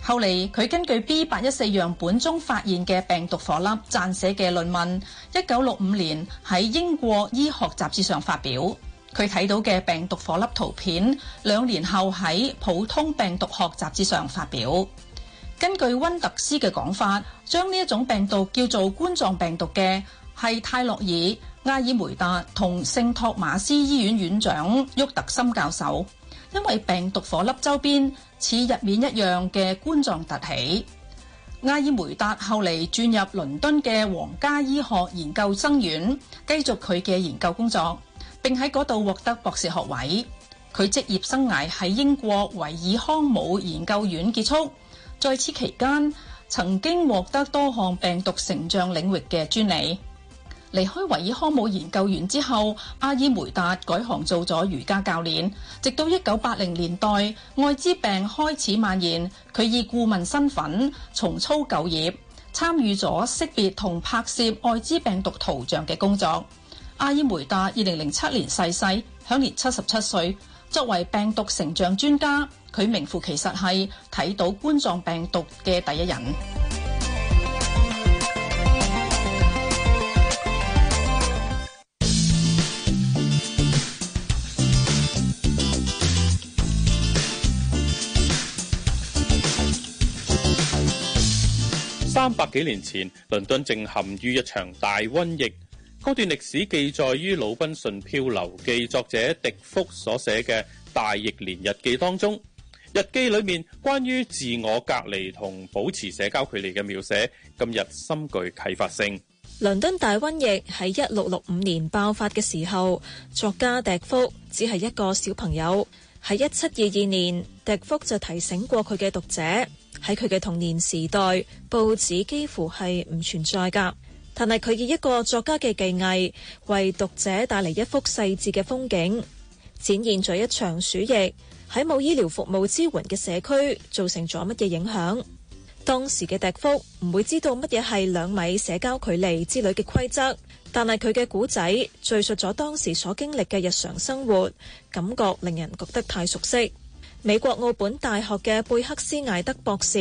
後嚟佢根據 B 八一四樣本中發現嘅病毒顆粒撰寫嘅論文，一九六五年喺英國醫學雜誌上發表。佢睇到嘅病毒顆粒圖片，兩年後喺普通病毒學雜誌上發表。根據溫特斯嘅講法，將呢一種病毒叫做冠狀病毒嘅，係泰洛爾、阿爾梅達同聖托馬斯醫院院長沃特森教授。因為病毒顆粒周邊似入面一樣嘅冠狀突起，阿爾梅達後嚟轉入倫敦嘅皇家醫學研究生院，繼續佢嘅研究工作。並喺嗰度獲得博士學位。佢職業生涯喺英國威爾康姆研究院結束。在此期間，曾經獲得多項病毒成像領域嘅專利。離開威爾康姆研究院之後，阿爾梅達改行做咗瑜伽教練。直到一九八零年代，艾滋病開始蔓延，佢以顧問身份重操舊業，參與咗識別同拍攝艾滋病毒圖像嘅工作。阿爾梅達二零零七年逝世，世，享年七十七歲。作為病毒成像專家，佢名副其實係睇到冠狀病毒嘅第一人。
三百幾年前，倫敦正陷於一場大瘟疫。嗰段歷史記載於魯賓遜漂流記作者笛福所寫嘅《大疫年日記》當中。日記裏面關於自我隔離同保持社交距離嘅描寫，今日深具啟發性。
倫敦大瘟疫喺一六六五年爆發嘅時候，作家笛福只係一個小朋友。喺一七二二年，笛福就提醒過佢嘅讀者，喺佢嘅童年時代，報紙幾乎係唔存在噶。但係佢以一個作家嘅技藝，為讀者帶嚟一幅細緻嘅風景，展現咗一場鼠疫喺冇醫療服務支援嘅社區，造成咗乜嘢影響。當時嘅笛福唔會知道乜嘢係兩米社交距離之類嘅規則，但係佢嘅古仔敘述咗當時所經歷嘅日常生活，感覺令人覺得太熟悉。美國澳本大學嘅貝克斯艾德博士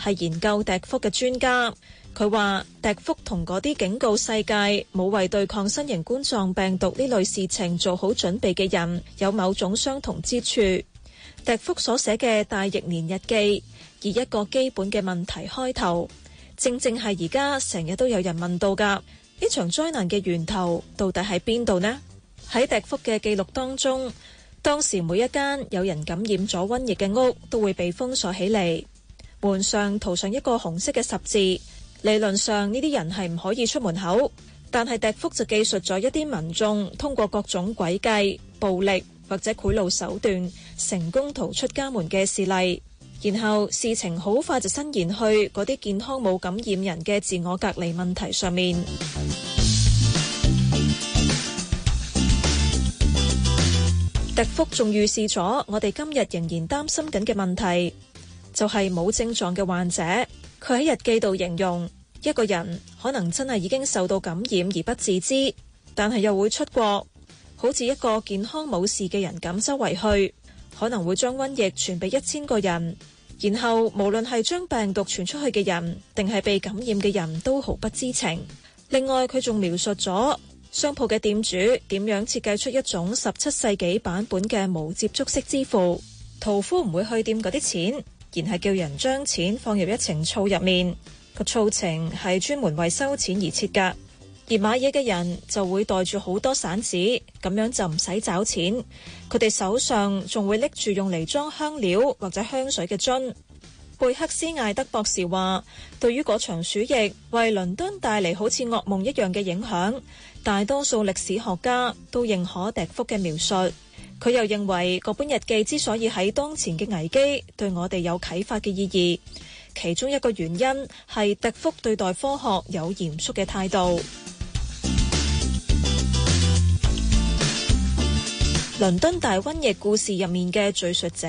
係研究笛福嘅專家。佢話笛福同嗰啲警告世界冇為對抗新型冠狀病毒呢類事情做好準備嘅人有某種相同之處。笛福所寫嘅《大疫年日記》，以一個基本嘅問題開頭，正正係而家成日都有人問到㗎，呢場災難嘅源頭到底喺邊度呢？喺笛福嘅記錄當中，當時每一間有人感染咗瘟疫嘅屋都會被封鎖起嚟，門上塗上一個紅色嘅十字。理論上呢啲人係唔可以出門口，但係笛福就記述咗一啲民眾通過各種詭計、暴力或者賄賂手段成功逃出家門嘅事例。然後事情好快就伸延去嗰啲健康冇感染人嘅自我隔離問題上面。笛 福仲預示咗我哋今日仍然擔心緊嘅問題，就係、是、冇症狀嘅患者。佢喺日記度形容一個人可能真係已經受到感染而不自知，但係又會出國，好似一個健康冇事嘅人咁周圍去，可能會將瘟疫傳俾一千個人，然後無論係將病毒傳出去嘅人，定係被感染嘅人都毫不知情。另外，佢仲描述咗商鋪嘅店主點樣設計出一種十七世紀版本嘅無接觸式支付，屠夫唔會去掂嗰啲錢。然係叫人將錢放入一程醋入面，個醋程係專門為收錢而設噶。而買嘢嘅人就會袋住好多散紙，咁樣就唔使找錢。佢哋手上仲會拎住用嚟裝香料或者香水嘅樽。貝克斯艾德博士話，對於嗰場鼠疫為倫敦帶嚟好似噩夢一樣嘅影響，大多數歷史學家都認可笛福嘅描述。佢又認為，嗰本日記之所以喺當前嘅危機對我哋有啟發嘅意義，其中一個原因係笛福對待科學有嚴肅嘅態度。 倫敦大瘟疫故事入面嘅敘述者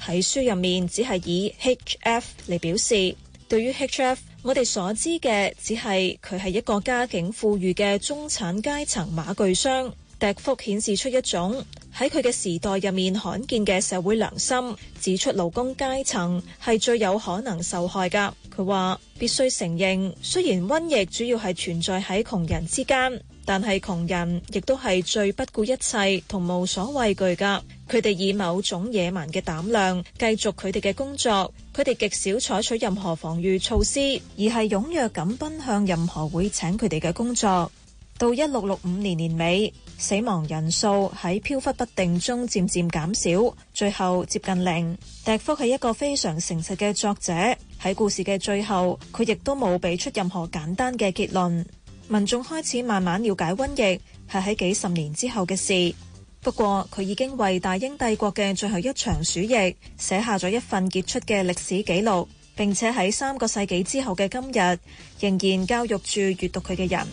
喺書入面只係以 H.F. 嚟表示。對於 H.F.，我哋所知嘅只係佢係一個家境富裕嘅中產階層馬具商。笛福顯示出一種喺佢嘅時代入面罕見嘅社會良心，指出勞工階層係最有可能受害噶。佢話必須承認，雖然瘟疫主要係存在喺窮人之間，但係窮人亦都係最不顧一切同無所畏懼噶。佢哋以某種野蠻嘅膽量繼續佢哋嘅工作，佢哋極少採取任何防禦措施，而係踴躍噉奔向任何會請佢哋嘅工作。到一六六五年年尾。死亡人數喺飄忽不定中漸漸減少，最後接近零。笛福係一個非常誠實嘅作者，喺故事嘅最後，佢亦都冇俾出任何簡單嘅結論，民眾開始慢慢了解瘟疫係喺幾十年之後嘅事，不過，佢已經為大英帝國嘅最後一場鼠疫寫下咗一份傑出嘅歷史記錄，並且喺三個世紀之後嘅今日，仍然教育住閱讀佢嘅人。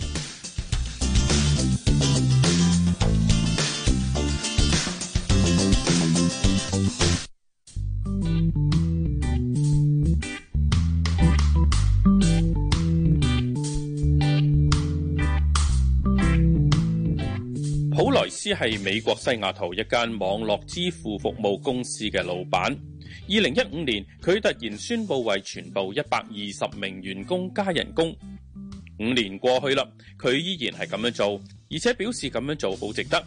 即係美國西雅圖一間網絡支付服務公司嘅老闆。二零一五年，佢突然宣布為全部一百二十名員工加人工。五年過去啦，佢依然係咁樣做，而且表示咁樣做好值得。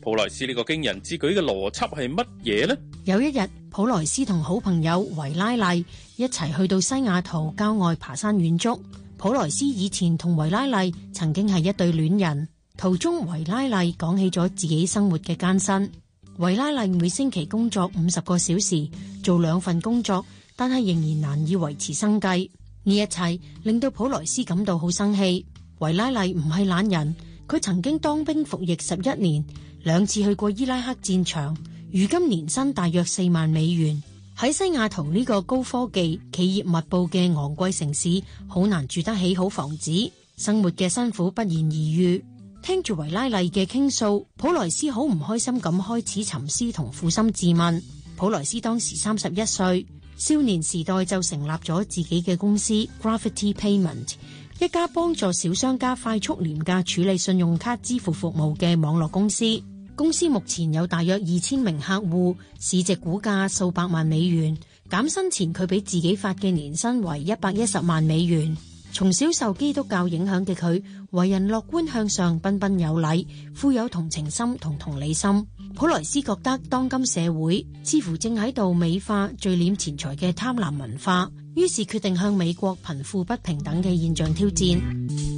普萊斯呢個驚人之舉嘅邏輯係乜嘢呢？
有一日，普萊斯同好朋友維拉麗一齊去到西雅圖郊外爬山遠足。普萊斯以前同維拉麗曾經係一對戀人。途中，維拉麗講起咗自己生活嘅艱辛。維拉麗每星期工作五十個小時，做兩份工作，但係仍然難以維持生計。呢一切令到普萊斯感到好生氣。維拉麗唔係懶人，佢曾經當兵服役十一年，兩次去過伊拉克戰場。如今年薪大約四萬美元。喺西雅圖呢個高科技企業密布嘅昂貴城市，好難住得起好房子，生活嘅辛苦不言而喻。聽住維拉麗嘅傾訴，普萊斯好唔開心咁開始沉思同負心自問。普萊斯當時三十一歲，少年時代就成立咗自己嘅公司 Gravity Payment，一家幫助小商家快速廉價處理信用卡支付服務嘅網絡公司。公司目前有大約二千名客戶，市值股價數百萬美元。減薪前佢俾自己發嘅年薪為一百一十萬美元。從小受基督教影響嘅佢，為人樂觀向上、彬彬有禮、富有同情心同同理心。普萊斯覺得當今社會似乎正喺度美化聚斂錢財嘅貪婪文化，於是決定向美國貧富不平等嘅現象挑戰。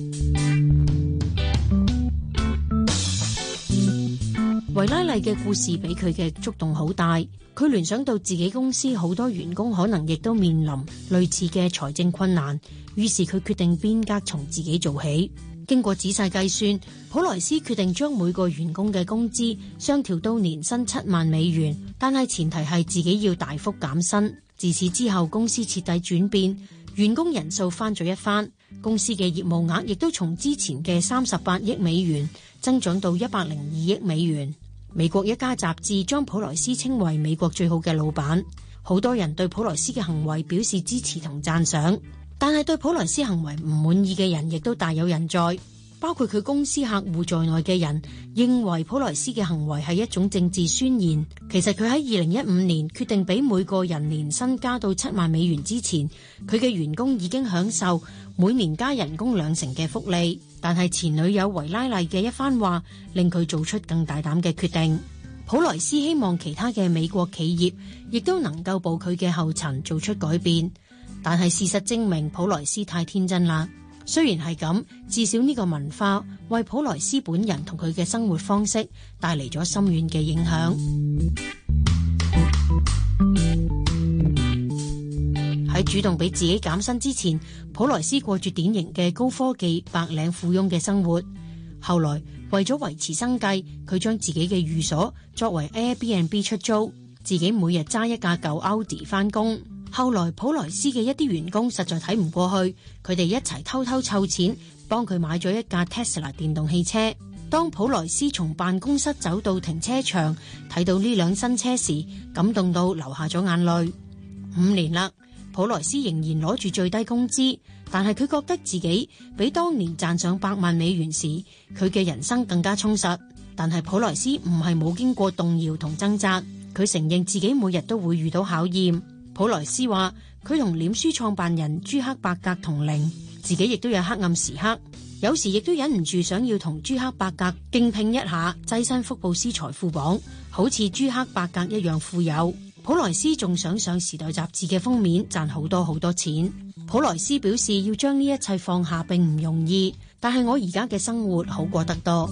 維拉利嘅故事俾佢嘅觸動好大，佢聯想到自己公司好多員工可能亦都面臨類似嘅財政困難，於是佢決定變革，從自己做起。經過仔細計算，普萊斯決定將每個員工嘅工資上調到年薪七萬美元，但係前提係自己要大幅減薪。自此之後，公司徹底轉變，員工人數翻咗一番，公司嘅業務額亦都從之前嘅三十八億美元增長到一百零二億美元。美國一家雜誌將普萊斯稱為美國最好嘅老闆，好多人對普萊斯嘅行為表示支持同讚賞，但係對普萊斯行為唔滿意嘅人亦都大有人在，包括佢公司客戶在內嘅人認為普萊斯嘅行為係一種政治宣言。其實佢喺二零一五年決定俾每個人年薪加到七萬美元之前，佢嘅員工已經享受。每年加人工兩成嘅福利，但係前女友維拉麗嘅一番話令佢做出更大膽嘅決定。普萊斯希望其他嘅美國企業亦都能夠步佢嘅後塵做出改變，但係事實證明普萊斯太天真啦。雖然係咁，至少呢個文化為普萊斯本人同佢嘅生活方式帶嚟咗深遠嘅影響。喺主動俾自己減薪之前，普萊斯過住典型嘅高科技白領富翁嘅生活。後來為咗維持生計，佢將自己嘅寓所作為 Airbnb 出租，自己每日揸一架舊奧迪翻工。後來普萊斯嘅一啲員工實在睇唔過去，佢哋一齊偷偷湊錢幫佢買咗一架 Tesla 電動汽車。當普萊斯從辦公室走到停車場，睇到呢輛新車時，感動到流下咗眼淚。五年啦。普萊斯仍然攞住最低工資，但係佢覺得自己比當年賺上百萬美元時，佢嘅人生更加充實。但係普萊斯唔係冇經過動搖同掙扎，佢承認自己每日都會遇到考驗。普萊斯話：佢同臉書創辦人朱克伯格同齡，自己亦都有黑暗時刻，有時亦都忍唔住想要同朱克伯格競拼一下躋身福布斯財富榜，好似朱克伯格一樣富有。普萊斯仲想上《時代》雜誌嘅封面，賺好多好多錢。普萊斯表示要將呢一切放下並唔容易，但係我而家嘅生活好過得多。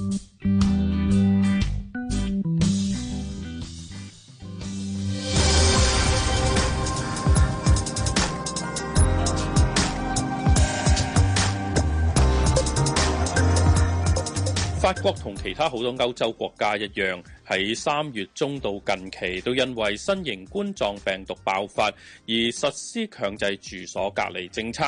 法國同其他好多歐洲國家一樣，喺三月中到近期都因為新型冠狀病毒爆發而實施強制住所隔離政策。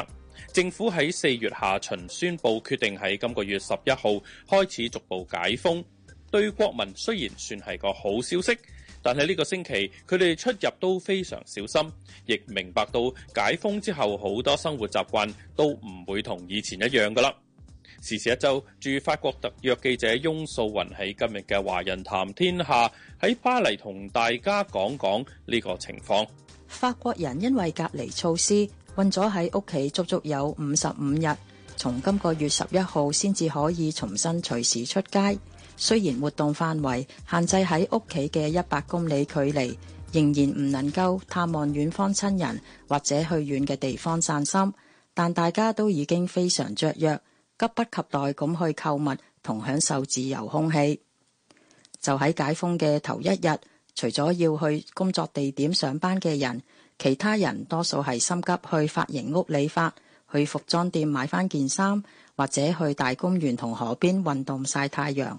政府喺四月下旬宣布決定喺今個月十一號開始逐步解封。對國民雖然算係個好消息，但係呢個星期佢哋出入都非常小心，亦明白到解封之後好多生活習慣都唔會同以前一樣㗎啦。時事一周駐法國特約記者翁素雲喺今日嘅《華人談天下》喺巴黎同大家講講呢個情況。
法國人因為隔離措施困咗喺屋企，足足有五十五日，從今個月十一號先至可以重新隨時出街。雖然活動範圍限制喺屋企嘅一百公里距離，仍然唔能夠探望遠方親人或者去遠嘅地方散心，但大家都已經非常雀躍。急不及待咁去購物同享受自由空氣，就喺解封嘅頭一日，除咗要去工作地點上班嘅人，其他人多數係心急去髮型屋理髮，去服裝店買返件衫，或者去大公園同河邊運動曬太陽。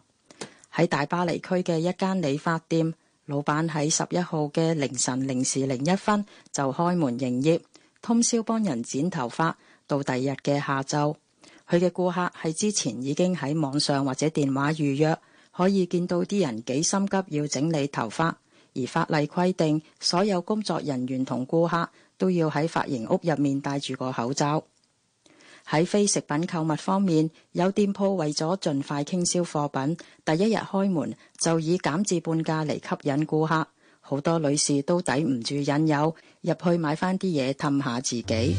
喺大巴黎區嘅一間理髮店，老闆喺十一號嘅凌晨零時零一分就開門營業，通宵幫人剪頭髮，到第二日嘅下晝。佢嘅顧客係之前已經喺網上或者電話預約，可以見到啲人幾心急要整理頭髮。而法例規定，所有工作人員同顧客都要喺髮型屋入面戴住個口罩。喺非食品購物方面，有店鋪為咗盡快傾銷貨品，第一日開門就以減至半價嚟吸引顧客。好多女士都抵唔住引誘，入去買翻啲嘢氹下自己。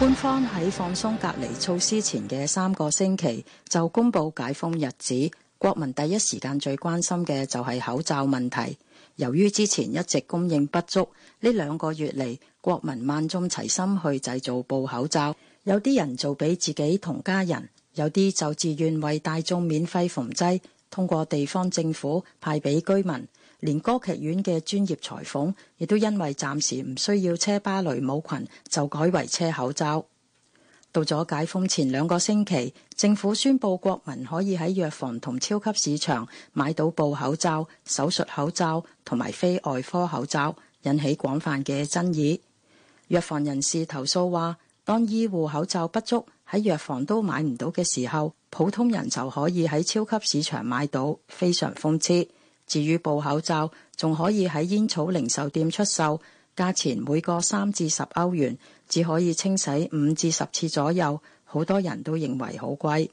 官方喺放鬆隔離措施前嘅三個星期就公布解封日子，國民第一時間最關心嘅就係口罩問題。由於之前一直供應不足，呢兩個月嚟，國民萬眾齊心去製造布口罩，有啲人做俾自己同家人，有啲就自願為大眾免費縫製，通過地方政府派俾居民。連歌劇院嘅專業裁縫亦都因為暫時唔需要車芭蕾舞裙，就改為車口罩。到咗解封前兩個星期，政府宣布國民可以喺藥房同超級市場買到布口罩、手術口罩同埋非外科口罩，引起廣泛嘅爭議。藥房人士投訴話，當醫護口罩不足喺藥房都買唔到嘅時候，普通人就可以喺超級市場買到，非常諷刺。至於布口罩，仲可以喺煙草零售店出售，價錢每個三至十歐元，只可以清洗五至十次左右。好多人都認為好貴。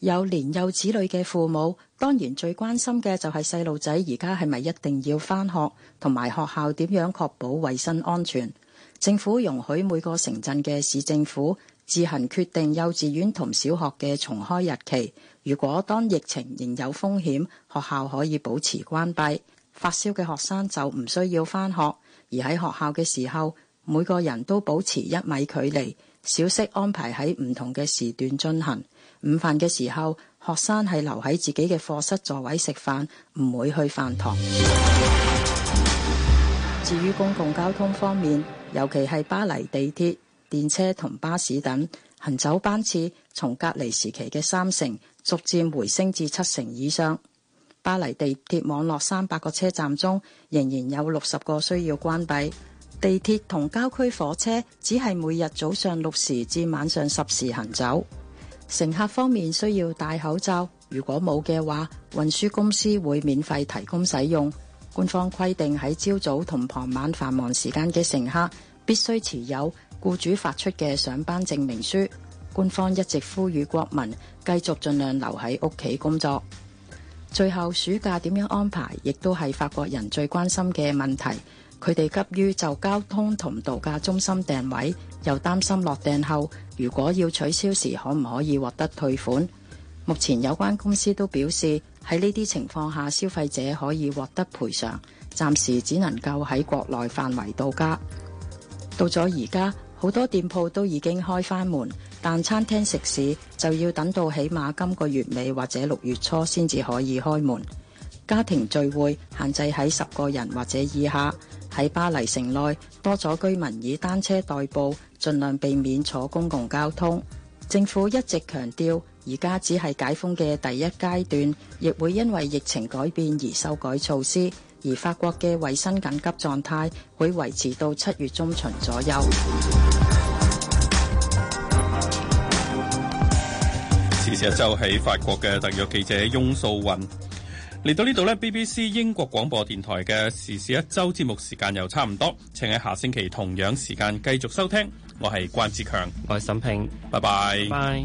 有年幼子女嘅父母，當然最關心嘅就係細路仔而家係咪一定要返學，同埋學校點樣確保衛生安全。政府容許每個城鎮嘅市政府自行決定幼稚園同小學嘅重開日期。如果當疫情仍有風險，學校可以保持關閉。發燒嘅學生就唔需要返學，而喺學校嘅時候，每個人都保持一米距離，小息安排喺唔同嘅時段進行。午飯嘅時候，學生係留喺自己嘅課室座位食飯，唔會去飯堂。至於公共交通方面，尤其係巴黎地鐵、電車同巴士等。行走班次從隔離時期嘅三成，逐漸回升至七成以上。巴黎地鐵網絡三百個車站中，仍然有六十個需要關閉。地鐵同郊區火車只係每日早上六時至晚上十時行走。乘客方面需要戴口罩，如果冇嘅話，運輸公司會免費提供使用。官方規定喺朝早同傍晚繁忙時間嘅乘客必須持有。雇主發出嘅上班證明書，官方一直呼籲國民繼續盡量留喺屋企工作。最後，暑假點樣安排，亦都係法國人最關心嘅問題。佢哋急於就交通同度假中心訂位，又擔心落訂後如果要取消時，可唔可以獲得退款？目前有關公司都表示，喺呢啲情況下，消費者可以獲得賠償，暫時只能夠喺國內範圍度假。到咗而家。好多店鋪都已經開翻門，但餐廳食肆就要等到起碼今個月尾或者六月初先至可以開門。家庭聚會限制喺十個人或者以下。喺巴黎城內多咗居民以單車代步，盡量避免坐公共交通。政府一直強調，而家只係解封嘅第一階段，亦會因為疫情改變而修改措施。而法國嘅衞生緊急狀態會維持到七月中旬左右。
時事一周喺法國嘅特約記者翁素雲嚟到呢度呢。BBC 英國廣播電台嘅時事一周節目時間又差唔多，請喺下星期同樣時間繼續收聽。我係關志強，我係沈平，拜拜。